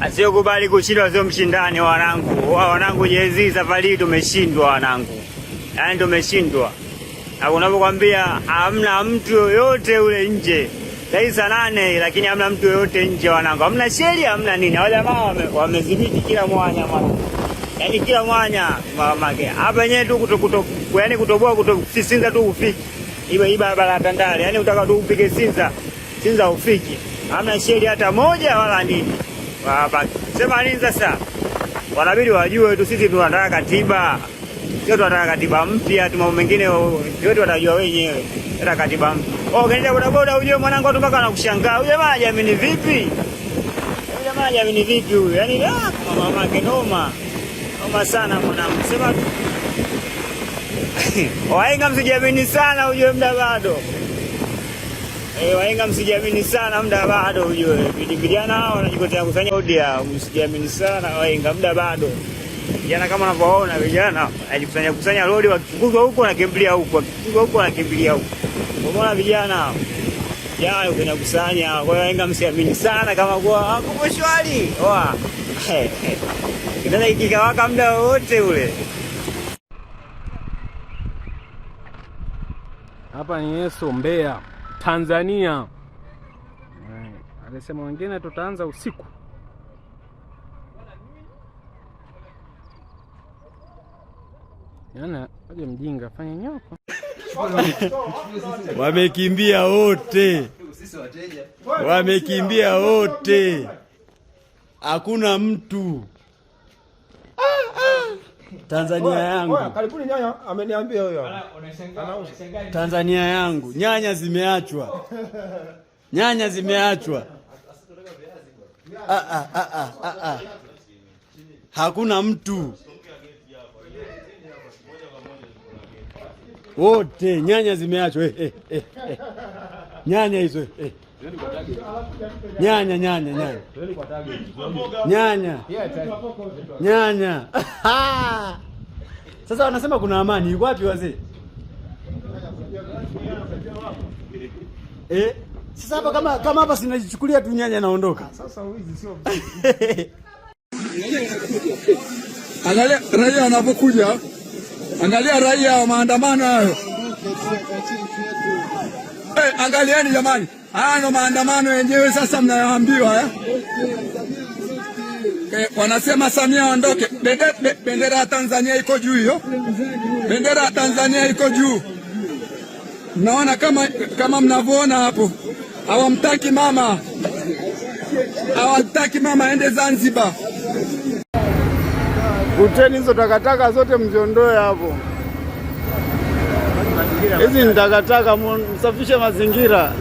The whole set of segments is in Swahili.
asiyokubali kushindwa sio mshindani. Wanangu wanangu, jezi safari tumeshindwa wanangu, yaani tumeshindwa. Na unavyokwambia hamna mtu yoyote ule nje sai saa lakini hamna mtu yoyote nje wanangu, hamna sheli, hamna nini. Wale jamaa wamedhibiti kila mwanya yaani kila mwanya mamake hapa yenyewe tu kuto, yaani kutoboa kuto, Sinza tu ufiki iba hii barabara ya Tandale, yaani utaka tu upige Sinza Sinza ufiki, hamna sheli hata moja wala nini sema nini sasa? Wanabidi wajue tu, sisi tunataka katiba, sio tunataka katiba mpya tuma mengine yote watajua wenyewe. Tunataka katiba mpya oh, kenda bodaboda, ujue mwanangu watu mpaka anakushangaa. huyu jamaa ni vipi? Huyu jamaa ni vipi huyu? Yaani ah, mama yake noma noma sana mwanangu, sema wahenga oh, msijiamini sana, ujue mda bado Eh, Wahenga msijiamini sana, muda bado. Ujue vijana hao wanajikotea kusanya ya msijiamini sana Wahenga, muda bado. Vijana kama unavyoona vijana ajikusanya kusanya lori, wakifukuzwa huko na kimbilia huko, wakifukuzwa huko na kimbilia huko. Kwa maana vijana jana kuna kusanya. Kwa hiyo Wahenga msijiamini sana, kama kwa ah, kuko shwari oa kitanda kikawaka muda wote ule. Hapa ni Yesu Mbeya. Tanzania. Alisema wengine tutaanza usiku. Yana aje mjinga fanya nyoko. Wamekimbia wote, wamekimbia wote, hakuna mtu Tanzania yangu, karibuni nyanya ameniambia huyo. Tanzania yangu, nyanya zimeachwa, nyanya zimeachwa. Ah, ah, ah, ah, ah. Hakuna mtu wote, nyanya zimeachwa eh, eh, eh. nyanya hizo eh nyanya nyanya nyanya nyanya nyanya. Sasa wanasema kuna amani, yuko wapi wazee? Eh, sasa hapa kama kama hapa sinajichukulia tu nyanya naondoka. Sasa hizi sio Angalia raia anapokuja angalia raia wa maandamano hayo. Hey, eh, angalieni jamani. Haya ndo maandamano yenyewe, sasa mnayoambiwa eh? eh wanasema Samia aondoke. Bendera ya Tanzania iko juu hiyo, bendera ya Tanzania iko juu. Mnaona kama, kama mnavyoona hapo, hawamtaki mama, hawamtaki mama aende Zanzibar. Vuteni hizo takataka zote mziondoe hapo, hizi ni takataka, msafishe mazingira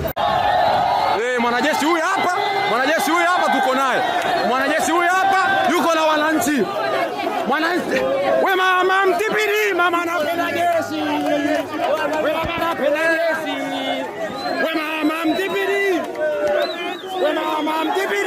mwanajeshi huyu hapa, mwanajeshi huyu hapa tuko naye, mwanajeshi huyu hapa yuko na wananchi. Mwananchi we mama mtipiri, mama anapenda jeshi, we mama anapenda jeshi, we mama mtipiri, we mama mtipiri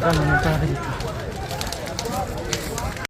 咱们干杯！